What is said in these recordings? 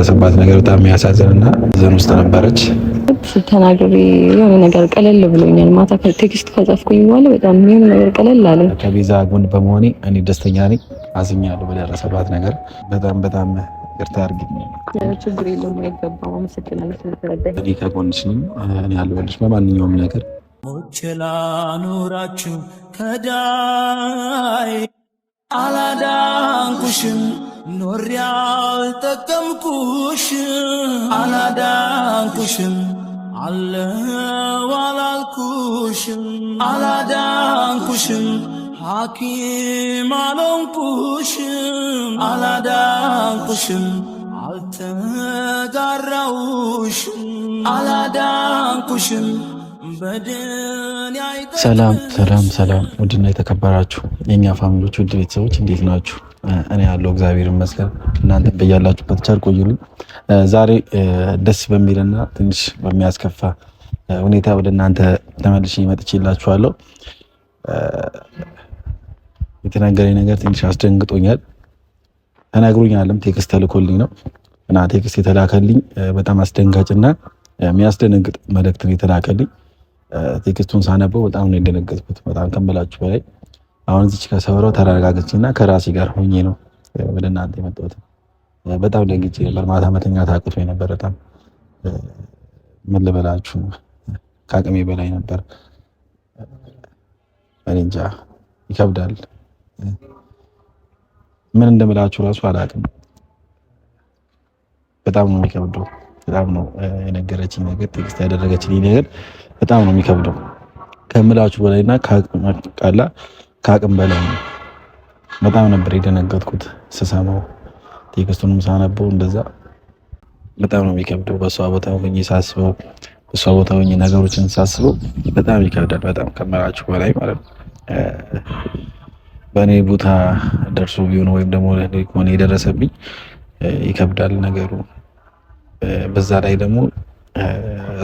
የደረሰባት ነገር በጣም የሚያሳዝን እና ዘን ውስጥ ነበረች። ተናግሬ የሆነ ነገር ቀለል ብሎኛል። ማታ ቴክስት ከጻፍኩኝ በኋላ በጣም የሆነ ነገር ቀለል አለ። ከቤዛ ጎን በመሆኔ እኔ ደስተኛ ነኝ። አዝኛለሁ በደረሰባት ነገር በጣም በጣም ይቅርታ አድርጊኝ። ችግር የለም አይገባም። አመሰግናለሁ እኔ ከጎንሽ ነኝ። እኔ አለሁልሽ በማንኛውም ነገር ሞችላኑራችሁ ከዳይ አላዳንኩሽም ኖሬ አልጠቀምኩሽ አላዳንኩሽም አለው አላልኩሽም አላዳንኩሽም ሐኪም አልሆንኩሽም አላዳንኩሽም አልተጋራውሽም አላዳንኩሽም ሰላም ሰላም ሰላም፣ ውድና የተከበራችሁ የእኛ ፋሚሊዎች ውድ ቤተሰቦች እንዴት ናችሁ? እኔ ያለው እግዚአብሔር ይመስገን፣ እናንተ በያላችሁበት ቸር ቆዩልኝ። ዛሬ ደስ በሚልና ትንሽ በሚያስከፋ ሁኔታ ወደ እናንተ ተመልሼ መጥቼላችኋለሁ። የተነገረኝ ነገር ትንሽ አስደንግጦኛል። ተናግሮኛልም ቴክስት ተልኮልኝ ነው እና ቴክስት የተላከልኝ በጣም አስደንጋጭና የሚያስደነግጥ መልእክት ነው የተላከልኝ። ቴክስቱን ሳነበው በጣም ነው የደነገጥኩት። በጣም ከምላችሁ በላይ አሁን እዚች ከሰብረው ተረጋግቼ እና ከራሴ ጋር ሆኜ ነው ወደ እናንተ የመጣሁት። በጣም ደንግጬ ነበር። ማታ መተኛት አቅቶኝ ነበር። በጣም ምን ልበላችሁ ከአቅሜ በላይ ነበር። እኔ እንጃ ይከብዳል። ምን እንደምላችሁ እራሱ አላውቅም። በጣም ነው የሚከብደው። በጣም ነው የነገረችኝ ነገር ቴክስት ያደረገችልኝ ነገር በጣም ነው የሚከብደው ከምላችሁ በላይና ቃላ ከአቅም በላይ ነው። በጣም ነበር የደነገጥኩት ስሰማው፣ ቴክስቱንም ሳነበው እንደዛ በጣም ነው የሚከብደው። በእሷ ቦታ ሆኜ ሳስበው፣ በእሷ ቦታ ሆኜ ነገሮችን ሳስበው በጣም ይከብዳል። በጣም ከምላችሁ በላይ ማለት ነው። በእኔ ቦታ ደርሶ ቢሆን ወይም ደግሞ ሆነ የደረሰብኝ ይከብዳል ነገሩ። በዛ ላይ ደግሞ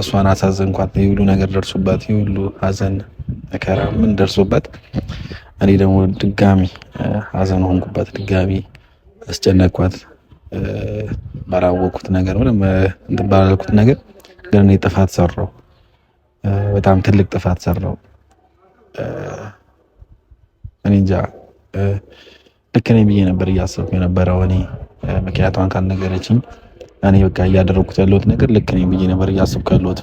እሷን አሳዘንኳት። የሁሉ ነገር ደርሶባት የሁሉ ሀዘን መከራ ምን ደርሶባት እኔ ደግሞ ድጋሚ ሀዘን ሆንኩባት፣ ድጋሚ አስጨነቅኳት። ባላወቅኩት ነገር ምንም እንትን ባላልኩት ነገር ግን እኔ ጥፋት ሰራው፣ በጣም ትልቅ ጥፋት ሰራው። እኔ እንጃ ልክ ነኝ ብዬ ነበር እያሰብኩ የነበረው እኔ ምክንያቷን ካልነገረችኝ እኔ በቃ እያደረግኩት ያለሁት ነገር ልክ ነኝ ብዬ ነበር እያስብኩ ያለሁት።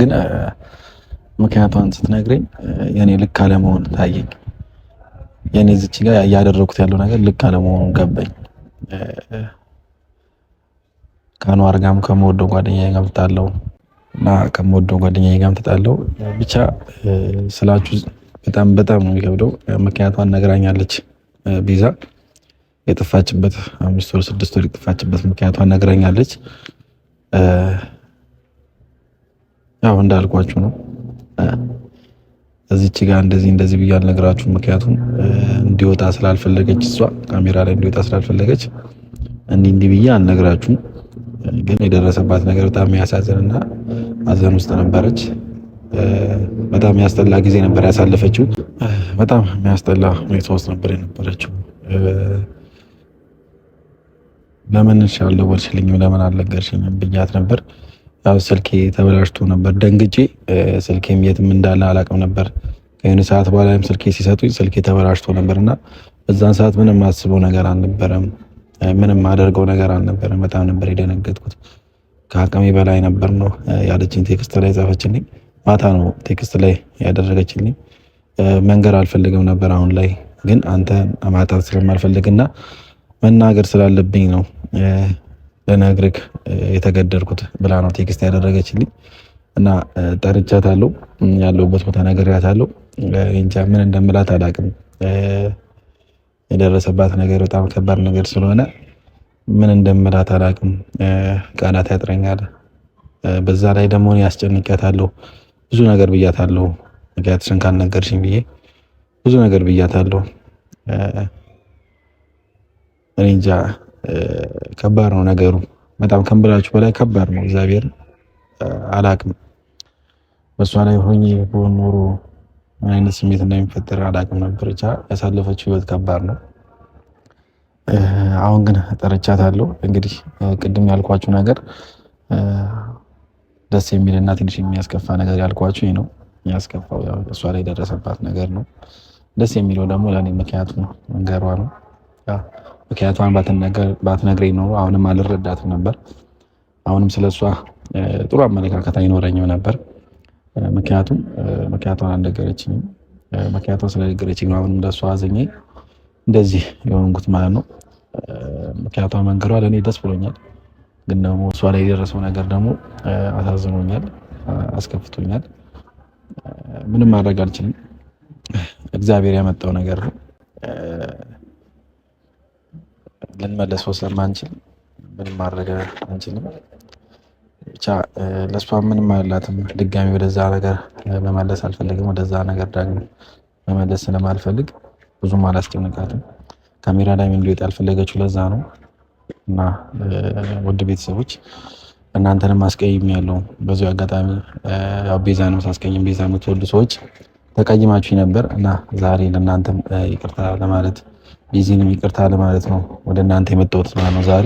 ግን ምክንያቷን ስትነግረኝ የኔ ልክ አለመሆን ታየኝ። የኔ ዝች ጋር እያደረግኩት ያለው ነገር ልክ አለመሆኑ ገባኝ። ከአኗር ጋርም ከምወደው ጓደኛ ጋር ተጣለው እና ከምወደው ጓደኛዬ ጋርም ተጣለው። ብቻ ስላችሁ በጣም በጣም ነው የሚከብደው። ምክንያቷን ነግራኛለች ቤዛ የጥፋችበት አምስት ወር ስድስት ወር የጥፋችበት ምክንያቷን ነግረኛለች። ያው እንዳልኳችሁ ነው። እዚች ጋር እንደዚህ እንደዚህ ብዬ አልነግራችሁም፣ ምክንያቱም እንዲወጣ ስላልፈለገች እሷ ካሜራ ላይ እንዲወጣ ስላልፈለገች እንዲህ እንዲህ ብዬ አልነግራችሁም። ግን የደረሰባት ነገር በጣም ያሳዝን እና አዘን ውስጥ ነበረች። በጣም ያስጠላ ጊዜ ነበር ያሳለፈችው። በጣም የሚያስጠላ ሁኔታ ውስጥ ነበር የነበረችው። ለምን አልደወልሽልኝም ለምን አልነገርሽኝም ብያት ነበር። ያው ስልኬ ተበላሽቶ ነበር ደንግጬ፣ ስልኬም የትም እንዳለ አላቅም ነበር። ከሆነ ሰዓት በኋላም ስልኬ ሲሰጡኝ ስልኬ ተበላሽቶ ነበር እና በዛን ሰዓት ምንም አስበው ነገር አልነበረም። ምንም አደርገው ነገር አልነበረም። በጣም ነበር የደነገጥኩት። ከአቅሜ በላይ ነበር ነው ያለችኝ። ቴክስት ላይ ጻፈችልኝ። ማታ ነው ቴክስት ላይ ያደረገችልኝ። መንገር አልፈልግም ነበር አሁን ላይ ግን አንተ ማጣት ስለማልፈልግና መናገር ስላለብኝ ነው ልነግርህ የተገደድኩት ብላ ነው ቴክስት ያደረገችልኝ። እና ጠርቻታለሁ፣ ያለሁበት ቦታ ነግሬያታለሁ። እንጃ ምን እንደምላት አላቅም። የደረሰባት ነገር በጣም ከባድ ነገር ስለሆነ ምን እንደምላት አላቅም ቃላት ያጥረኛል። በዛ ላይ ደግሞ ያስጨንቂያታለሁ። ብዙ ነገር ብያታለሁ፣ ምክንያትሽን ካልነገርሽኝ ብዬ ብዙ ነገር ብያታለሁ። እኔ እንጃ ከባድ ነው ነገሩ። በጣም ከምላችሁ በላይ ከባድ ነው። እግዚአብሔር አላቅም በእሷ ላይ ሆኜ በሆን ኖሮ ምን አይነት ስሜት እንደሚፈጠር አላቅም ነበር። ብቻ ያሳለፈችው ህይወት ከባድ ነው። አሁን ግን ጠርቻታለሁ። እንግዲህ ቅድም ያልኳችሁ ነገር ደስ የሚልና ትንሽ የሚያስከፋ ነገር ያልኳችሁ ነው። የሚያስከፋው እሷ ላይ የደረሰባት ነገር ነው። ደስ የሚለው ደግሞ ለእኔ ምክንያቱ ነው፣ መንገሯ ነው። ምክንያቷን ባትነግረኝ ኖሮ አሁንም አልረዳትም ነበር። አሁንም ስለሷ ጥሩ አመለካከት አይኖረኝም ነበር። ምክንያቱም ምክንያቷን አልነገረችኝም። ምክንያቷ ስለነገረችኝ ነው አሁንም ለሷ አዘኜ እንደዚህ የሆንኩት ማለት ነው። ምክንያቷን መንገሯ ለእኔ ደስ ብሎኛል፣ ግን ደግሞ እሷ ላይ የደረሰው ነገር ደግሞ አሳዝኖኛል፣ አስከፍቶኛል። ምንም ማድረግ አልችልም። እግዚአብሔር ያመጣው ነገር ነው። ልንመለሰው ስለማንችል ምንም ማድረግ አንችልም። ብቻ ለእሷ ምንም አይላትም። ድጋሚ ወደዛ ነገር መመለስ አልፈልግም። ወደዛ ነገር ዳግም መመለስ ስለማልፈልግ ብዙም አላስጨንቃትም። ካሜራ ላይ እንዲወጣ ያልፈለገችው ለዛ ነው። እና ውድ ቤተሰቦች እናንተንም አስቀይም ያለው በዚሁ አጋጣሚ ቤዛንም ሳስቀይም ቤዛ የምትወዱ ሰዎች ተቀይማችሁ ነበር እና ዛሬ ለእናንተም ይቅርታ ለማለት ቢዚንም ይቅርታ ለማለት ነው ወደ እናንተ የመጣሁት ማለት ነው። ዛሬ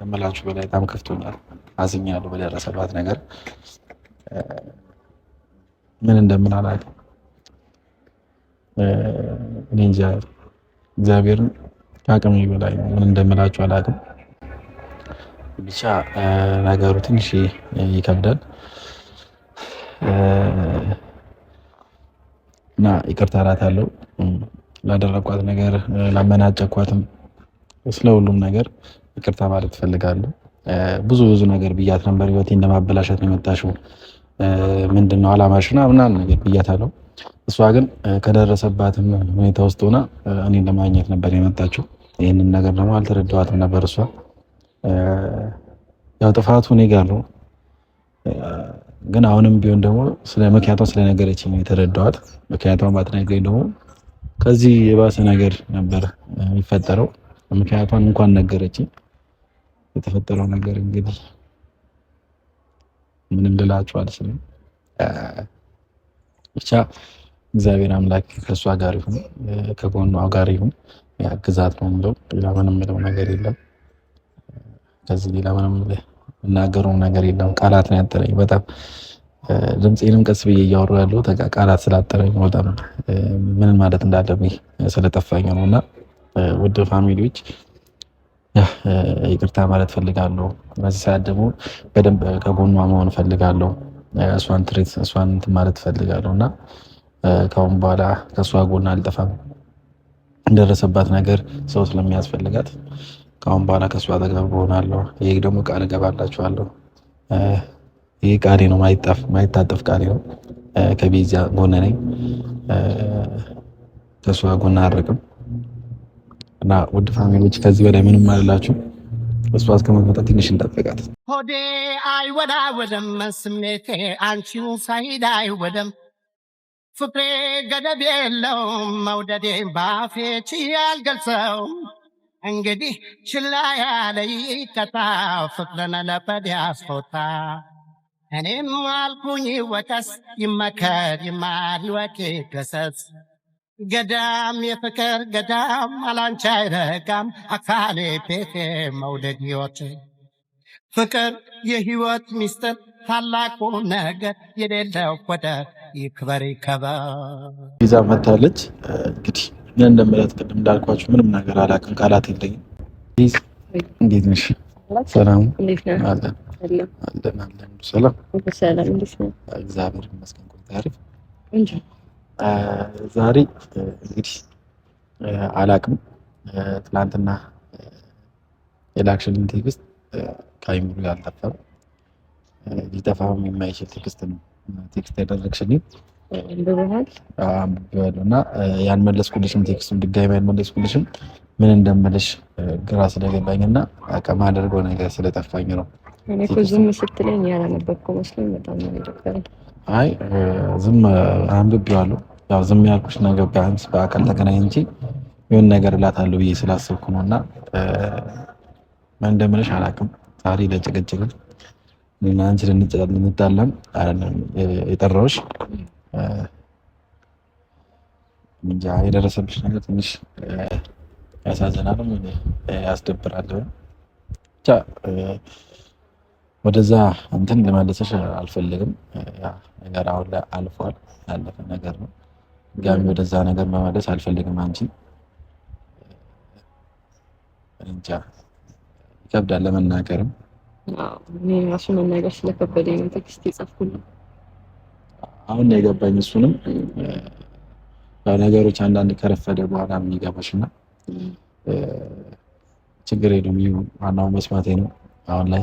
ከመላችሁ በላይ በጣም ከፍቶኛል፣ አዝኛለሁ በደረሰባት ነገር ምን እንደምን አላውቅም። እኔ እንጃ እግዚአብሔርን ከአቅሜ በላይ ምን እንደምላችሁ አላውቅም። ብቻ ነገሩ ትንሽ ይከብዳል እና ይቅርታ እላታለሁ። ላደረኳት ነገር ላመናጨኳትም፣ ስለ ሁሉም ነገር ይቅርታ ማለት እፈልጋለሁ። ብዙ ብዙ ነገር ብያት ነበር። ህይወቴ እንደማበላሸት ነው የመጣሽው፣ ምንድን ነው አላማሽና ምናምን ነገር ብያታለሁ። እሷ ግን ከደረሰባትም ሁኔታ ውስጥ ሆና እኔን ለማግኘት ነበር የመጣችው። ይህንን ነገር ደግሞ አልተረዳኋትም ነበር። እሷ ያው ጥፋቱ እኔ ጋር ነው፣ ግን አሁንም ቢሆን ደግሞ ስለ ምክንያቷ ስለነገረችኝ የተረዳኋት። ምክንያቷን ባትነግረኝ ደግሞ ከዚህ የባሰ ነገር ነበር የሚፈጠረው። ምክንያቷን እንኳን ነገረችኝ። የተፈጠረው ነገር እንግዲህ ምንም ልላችሁ አልችልም። ብቻ እግዚአብሔር አምላክ ከእሷ ጋር ይሁን፣ ከጎኗ ጋር ይሁን፣ ያግዛት ነው የምለው። ሌላ ምንም ምለው ነገር የለም። ከዚህ ሌላ ምንም የምናገረው ነገር የለም። ቃላት ነው ያጠረኝ በጣም ድምፄንም ቀስ ብዬ እያወሩ ያለው ቃላት ስላጠረኝ በጣም ምን ማለት እንዳለብኝ ስለጠፋኝ ነው። እና ውድ ፋሚሊዎች ይቅርታ ማለት ፈልጋለሁ። በዚህ ሰዓት ደግሞ በደንብ ከጎኗ መሆን ፈልጋለሁ። እሷን ትሬት እሷን እንትን ማለት ፈልጋለሁ እና ከአሁን በኋላ ከእሷ ጎና አልጠፋም። እንደደረሰባት ነገር ሰው ስለሚያስፈልጋት ከአሁን በኋላ ከእሷ አጠገብ እሆናለሁ። ይህ ደግሞ ቃል እገባላችኋለሁ። ይህ ቃሌ ነው፣ ማይጣፍ ማይታጠፍ ቃሌ ነው። ከቤዛ ጎን ነኝ፣ ከእሷ ጎን አርቅም እና ውድ ፋሚሊዎች ከዚህ በላይ ምንም አልላችሁ። እሷ እስከምትመጣ ትንሽ እንጠብቃት። ሆዴ አይወዳወድም፣ ስሜቴ አንቺን ሳይድ አይወደም፣ ፍቅሬ ገደብ የለውም፣ መውደዴ ባፌች ችዬ አልገልጸውም። እንግዲህ ችላ ያለይ ይቀጣ፣ ፍቅርን ለበድ ያስቆጣ እኔም አልኩኝ ወቀስ ይመከር ይማር ይወቅ ገሰጽ ገዳም የፍቅር ገዳም አላንቻ አይረጋም አካሌ ቤቴ መውደድ ሕይወት ፍቅር የህይወት ሚስጥር ታላቁ ነገር የሌለው ወደ ይክበር ይከበር ይዛ መታለች። እንግዲህ ምን እንደምላት ቅድም እንዳልኳችሁ ምንም ነገር አላውቅም፣ ቃላት የለኝም። እንዴት ነሽ? ሰላም አለን ሰላም ሰላም፣ እግዚአብሔር ይመስገን። ዛሬ እንግዲህ አላቅም ትናንትና የላክሽልን ቴክስት ከአይምሮ ያልጠፋ ሊጠፋም የማይችል ቴክስት ነው። ቴክስት ያደረግሽልኝ አንብቤዋለሁ እና ያልመለስኩልሽም ቴክስቱን ድጋሚ ያልመለስኩልሽም ምን እንደመለሽ ግራ ስለገባኝ እና አቀማ ነገር ስለጠፋኝ ነው አይ ዝም አንብቤዋለሁ። ያው ዝም ያልኩሽ ነገር ቢያንስ በአካል ተገናኝ እንጂ የሆነ ነገር እላታለሁ ብዬ ስላሰብኩ ነው። እና ምን እንደምልሽ አላውቅም። ዛሬ ለጭቅጭቅም እና አንቺ ልንጣላም የጠራሁሽ እንጃ የደረሰብሽ ነገር ትንሽ ያሳዝናልም ያስደብራል ብቻ ወደዛ እንትን ልመልስሽ አልፈልግም። ነገር አሁን ላይ አልፏል፣ ያለፈ ነገር ነው። ድጋሚ ወደዛ ነገር መመለስ አልፈልግም። አንቺን እንጃ ይከብዳል ለመናገርም ራሱ መናገር ነው ቴክስት የጻፍኩልኝ አሁን ነው የገባኝ። እሱንም ነገሮች አንዳንድ ከረፈደ በኋላ የሚገባሽ እና ችግር የለውም። ዋናው መስማቴ ነው። አሁን ላይ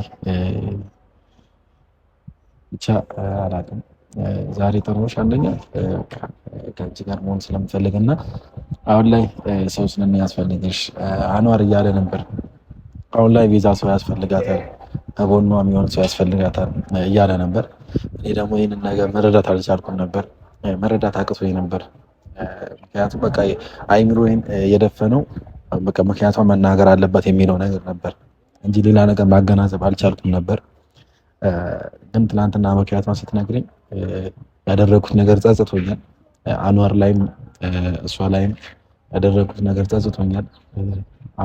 ብቻ አላውቅም። ዛሬ ጥሩሽ አንደኛ ከአንቺ ጋር መሆን ስለምፈልግ እና አሁን ላይ ሰው ስለሚያስፈልግሽ አኗር እያለ ነበር። አሁን ላይ ቤዛ ሰው ያስፈልጋታል፣ ከጎኗ የሚሆን ሰው ያስፈልጋታል እያለ ነበር። እኔ ደግሞ ይህንን ነገር መረዳት አልቻልኩም ነበር፣ መረዳት አቅቶኝ ነበር። ምክንያቱም በቃ አይምሮዬን የደፈነው በቃ ምክንያቷ መናገር አለባት የሚለው ነገር ነበር። እንጂ ሌላ ነገር ማገናዘብ አልቻልኩም ነበር። ግን ትናንትና ምክንያቷን ስትነግረኝ ያደረኩት ነገር ጸጽቶኛል። አንዋር ላይም እሷ ላይም ያደረኩት ነገር ጸጽቶኛል።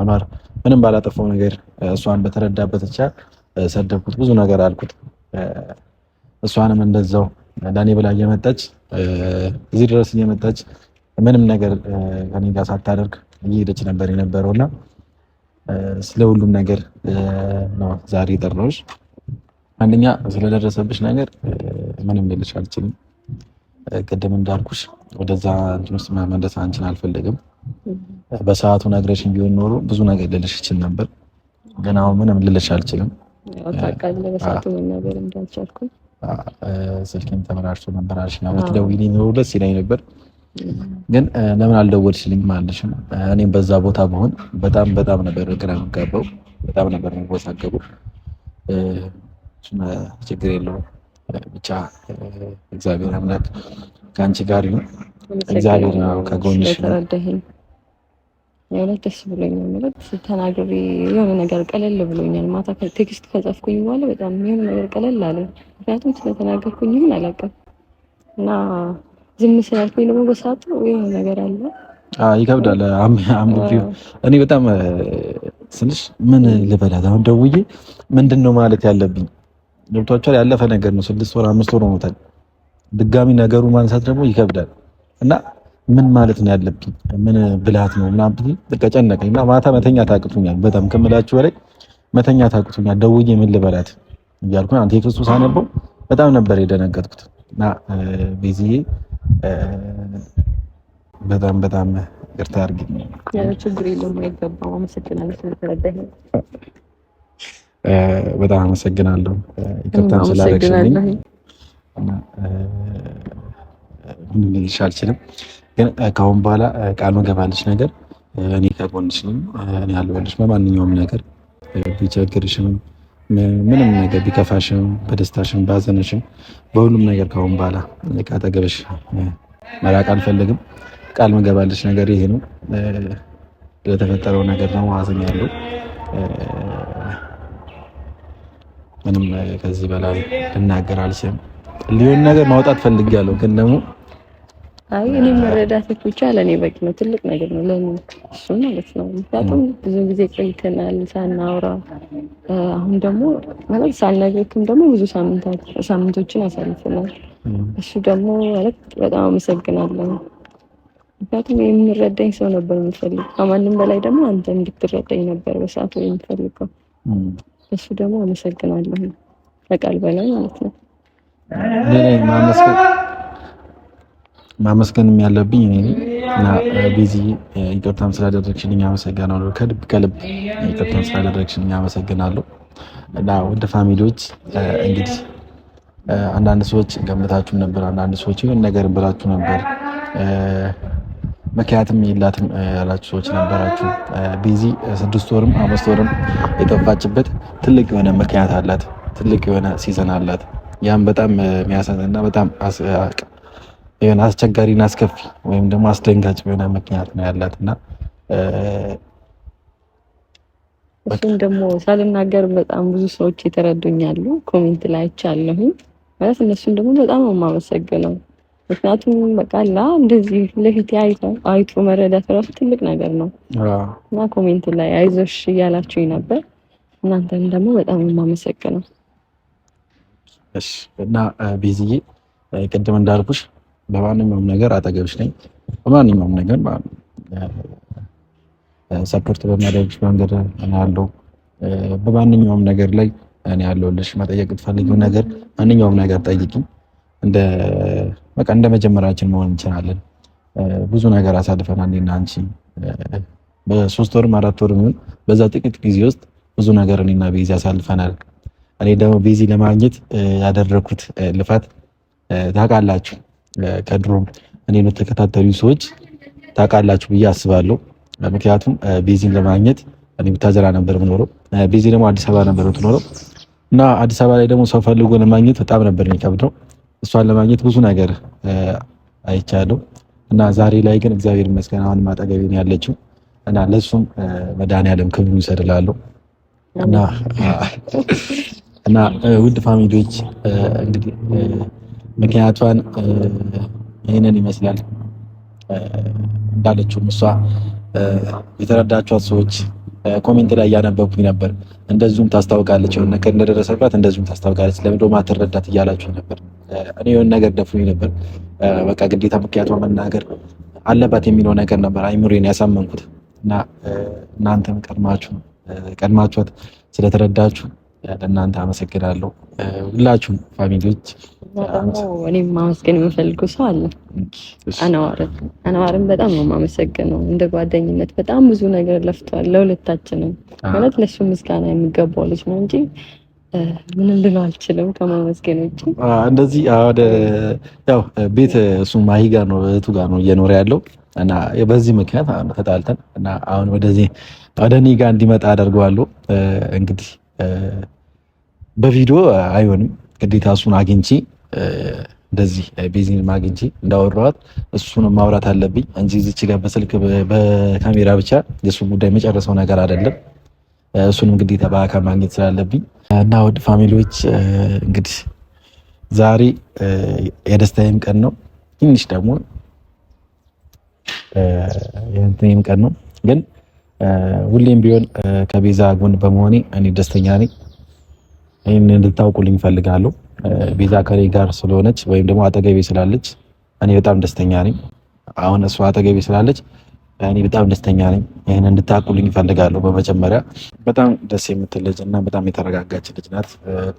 አንዋር ምንም ባላጠፋው ነገር እሷን በተረዳበት ብቻ ሰደብኩት፣ ብዙ ነገር አልኩት። እሷንም እንደዛው ዳኔ ብላ እየመጣች እዚህ ድረስ እየመጣች ምንም ነገር ከኔ ጋር ሳታደርግ እየሄደች ነበር የነበረውና ስለ ሁሉም ነገር ነው ዛሬ የጠራሁሽ። አንደኛ ስለደረሰብሽ ነገር ምንም ልልሽ አልችልም። ቅድም እንዳልኩሽ ወደዛ እንትን ውስጥ መመለስ አንቺን አልፈለግም። በሰዓቱ ነግረሽኝ ቢሆን ኖሮ ብዙ ነገር ልልሽ ይችል ነበር፣ ግን አሁን ምንም ልልሽ አልችልም። ስልኬም ተበላሽቶ ነበር አልሽኝ። አሁን ብትደውይልኝ ኖሮ ደስ ይለኝ ነበር። ግን ለምን አልደወልሽልኝም አልሽም። እኔም በዛ ቦታ በሆን በጣም በጣም ነበር ግራ የምጋባው፣ በጣም ነበር የምወዛገበው። ችግር የለውም ብቻ እግዚአብሔር አምላክ ከአንቺ ጋር ይሁን። እግዚአብሔር ከጎንሽ የእውነት ደስ ብሎኛል። ማለት ተናግሬ የሆነ ነገር ቀለል ብሎኛል። ማታ ቴክስት ከጻፍኩኝ በኋላ በጣም የሆነ ነገር ቀለል አለ። ምክንያቱም ስለተናገርኩኝ ምን አላውቅም እና ዝም ስላልኩኝ ደግሞ በሰዓቱ የሆነ ነገር አለ። ይከብዳል። እኔ በጣም ስልሽ ምን ልበላት አሁን ደውዬ ምንድን ነው ማለት ያለብኝ ገብቷቸዋል። ያለፈ ነገር ነው። ስድስት ወር አምስት ወር ሆኖታል። ድጋሚ ነገሩ ማንሳት ደግሞ ይከብዳል እና ምን ማለት ነው ያለብኝ ምን ብላት ነው ምናምን ብዬሽ በቃ ጨነቀኝ እና ማታ መተኛ ታቅቱኛል። በጣም ከምላችሁ በላይ መተኛ ታቅቱኛል። ደውዬ ምን ልበላት እያልኩ አንተ ሳነበው በጣም ነበር የደነገጥኩት እና ቤዚዬ በጣም በጣም ይቅርታ አድርጊኝ። ችግር የለውም አመሰግናለሁ በጣም አመሰግናለሁ ይቅርታም ስላደረግሽልኝ። ምን ልልሽ አልችልም፣ ግን ከአሁን በኋላ ቃል መገባልሽ ነገር እኔ ከጎንሽ ነኝ። እኔ አለሁልሽ በማንኛውም ነገር ቢቸግርሽንም ምንም ነገር ቢከፋሽም በደስታሽም ባዘንሽም በሁሉም ነገር ካሁን በኋላ ካጠገብሽ መራቅ አልፈልግም። ቃል ምገባልሽ ነገር ይሄ ነው። ለተፈጠረው ነገር ነው ሐዘን ያለው ምንም ከዚህ በላይ ልናገር አልችልም። ሊሆን ነገር ማውጣት ፈልጌያለሁ ግን ደግሞ አይ እኔ መረዳት ብቻ ለእኔ በቂ ነው። ትልቅ ነገር ነው ለእኔ እሱ ማለት ነው። ምክንያቱም ብዙ ጊዜ ቆይተናል ሳናውራ። አሁን ደግሞ ማለት ሳልነግርህም ደግሞ ብዙ ሳምንቶችን አሳልፈናል። እሱ ደግሞ ማለት በጣም አመሰግናለሁ። ምክንያቱም የምንረዳኝ ሰው ነበር የምፈልግ። ከማንም በላይ ደግሞ አንተ እንድትረዳኝ ነበር በሰዓቱ የምፈልገው። እሱ ደግሞ አመሰግናለሁ ከቃል በላይ ማለት ነው። ማመስገንም ያለብኝ እኔ እና ቤዚ ይቅርታም ስላደረግሽልኝ አመሰግናለሁ። ከልብ ከልብ ይቅርታም ስላደረግሽልኝ አመሰግናለሁ። እና ወደ ፋሚሊዎች እንግዲህ አንዳንድ ሰዎች ገምታችሁ ነበር፣ አንዳንድ ሰዎች የሆነ ነገር ብላችሁ ነበር። ምክንያትም የላትም ያላችሁ ሰዎች ነበራችሁ። ቤዚ ስድስት ወርም አምስት ወርም የጠፋችበት ትልቅ የሆነ ምክንያት አላት፣ ትልቅ የሆነ ሲዘን አላት። ያም በጣም የሚያሳዝን እና በጣም የሆነ አስቸጋሪና አስከፊ ወይም ደግሞ አስደንጋጭ የሆነ ምክንያት ነው ያላት እና እሱም ደግሞ ሳልናገር በጣም ብዙ ሰዎች የተረዱኛሉ። ኮሜንት ላይ አይቻለሁኝ ማለት እነሱም ደግሞ በጣም የማመሰግነው ምክንያቱም በቃላ እንደዚህ ለፊት አይቶ መረዳት ራሱ ትልቅ ነገር ነው እና ኮሜንት ላይ አይዞሽ እያላችሁኝ ነበር። እናንተም ደግሞ በጣም የማመሰግነው እና ቤዝዬ ቅድም እንዳልኩሽ በማንኛውም ነገር አጠገብሽ ነኝ። በማንኛውም ነገር ሰፖርት በሚያደርግሽ መንገድ እኔ ያለው በማንኛውም ነገር ላይ እኔ ያለሁልሽ። መጠየቅ ትፈልጊው ነገር ማንኛውም ነገር ጠይቂ። እንደ በቃ እንደ መጀመሪያችን መሆን እንችላለን። ብዙ ነገር አሳልፈናል እኔና አንቺ በሶስት ወርም አራት ወርም ይሁን በዛ ጥቂት ጊዜ ውስጥ ብዙ ነገር እኔና ቤዚ አሳልፈናል። እኔ ደግሞ ቤዚ ለማግኘት ያደረኩት ልፋት ታውቃላችሁ። ከድሮም እኔ ነው የምትከታተሉ ሰዎች ታውቃላችሁ ብዬ አስባለሁ። ምክንያቱም ቤዚን ለማግኘት እኔ ብታዘራ ነበር ምኖረው። ቤዚ ደግሞ አዲስ አበባ ነበር የምትኖረው እና አዲስ አበባ ላይ ደግሞ ሰው ፈልጎ ለማግኘት በጣም ነበር የሚከብደው። እሷን ለማግኘት ብዙ ነገር አይቻለሁ እና ዛሬ ላይ ግን እግዚአብሔር ይመስገን አሁን አጠገቤ ነው ያለችው እና ለእሱም መድኃኒዓለም ክብሩ ይሰድላለሁ እና እና ውድ ፋሚሊዎች እንግዲህ ምክንያቷን ይህንን ይመስላል። እንዳለችውም እሷ የተረዳችኋት ሰዎች ኮሜንት ላይ እያነበብኩኝ ነበር። እንደዚሁም ታስታውቃለች፣ የሆነ ነገር እንደደረሰባት እንደዚሁም ታስታውቃለች። ለምዶ ማትረዳት እያላችሁ ነበር። እኔ የሆነ ነገር ደፍኝ ነበር። በቃ ግዴታ ምክንያቷን መናገር አለባት የሚለው ነገር ነበር አይምሬን ያሳመንኩት እና እናንተም ቀድማችሁ ቀድማችኋት ስለተረዳችሁ ለእናንተ አመሰግናለሁ። ሁላችሁም ፋሚሊዎች ደግሞ እኔም ማመስገን የምፈልገው ሰው አለ። አነዋርን አነዋርን በጣም ነው የማመሰግነው። እንደ ጓደኝነት በጣም ብዙ ነገር ለፍቷል ለሁለታችንም። ማለት ለሱ ምስጋና የሚገባው ልጅ ነው እንጂ ምንም ልለው አልችልም ከማመስገን ውጭ። እንደዚህ ወደ ያው ቤት እሱ ማሂ ጋር ነው እህቱ ጋር ነው እየኖረ ያለው እና በዚህ ምክንያት ተጣልተን እና አሁን ወደዚህ ወደ እኔ ጋር እንዲመጣ አደርገዋለሁ። እንግዲህ በቪዲዮ አይሆንም ግዴታ እሱን አግኝቼ እንደዚህ ቤዚን ማግኝቼ እንዳወራኋት እሱን ማውራት አለብኝ እንጂ እዚች ጋር በስልክ በካሜራ ብቻ የእሱን ጉዳይ መጨረሰው ነገር አይደለም። እሱንም ግዴታ በአካል ማግኘት ስላለብኝ እና ውድ ፋሚሊዎች እንግዲህ ዛሬ የደስታዬም ቀን ነው፣ ትንሽ ደግሞ የእንትኔም ቀን ነው። ግን ሁሌም ቢሆን ከቤዛ ጎን በመሆኔ እኔ ደስተኛ ነኝ። ይህን እንድታውቁልኝ እፈልጋለሁ። ቤዛ ከኔ ጋር ስለሆነች ወይም ደግሞ አጠገቤ ስላለች እኔ በጣም ደስተኛ ነኝ። አሁን እሷ አጠገቤ ስላለች እኔ በጣም ደስተኛ ነኝ። ይህን እንድታቁልኝ እፈልጋለሁ። በመጀመሪያ በጣም ደስ የምትል ልጅ እና በጣም የተረጋጋች ልጅ ናት።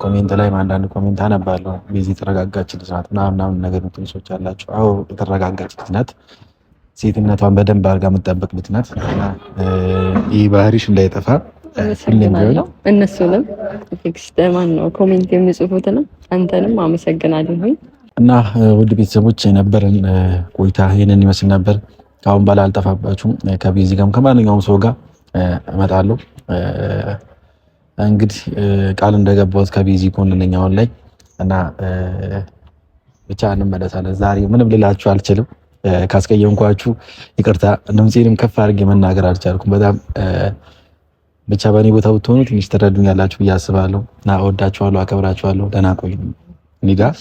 ኮሜንት ላይ አንዳንድ ኮሜንት አነባለሁ። ቤዛ የተረጋጋች ልጅ ናት ምናምን ነገር የምትሉ ሰዎች አላቸው። አዎ የተረጋጋች ልጅ ናት። ሴትነቷን በደንብ አድርጋ የምጠበቅ ልጅ ናት። ይህ ባህሪሽ እንዳይጠፋ አመሰግናለሁ። እነሱንም ማን ነው ኮሜንት የሚጽፉትንም አንተንም አመሰግናለሁኝ። እና ውድ ቤተሰቦች የነበረን ቆይታ ይህንን ይመስል ነበር። ከአሁን በላ አልጠፋባችሁም። ከቤዚ ጋርም ከማንኛውም ሰው ጋር እመጣለሁ። እንግዲህ ቃል እንደገባሁት ከቤዚ ጎን ነኝ አሁን ላይ እና ብቻ እንመለሳለን። ዛሬ ምንም ልላችሁ አልችልም። ካስቀየምኳችሁ ይቅርታ። ድምፄንም ከፍ አድርጌ መናገር አልቻልኩም በጣም ብቻ በእኔ ቦታ ብትሆኑ ትንሽ ትረዱኛላችሁ ብዬ አስባለሁ እና እወዳችኋለሁ፣ አከብራችኋለሁ። ደህና ቆይ እኔ ጋ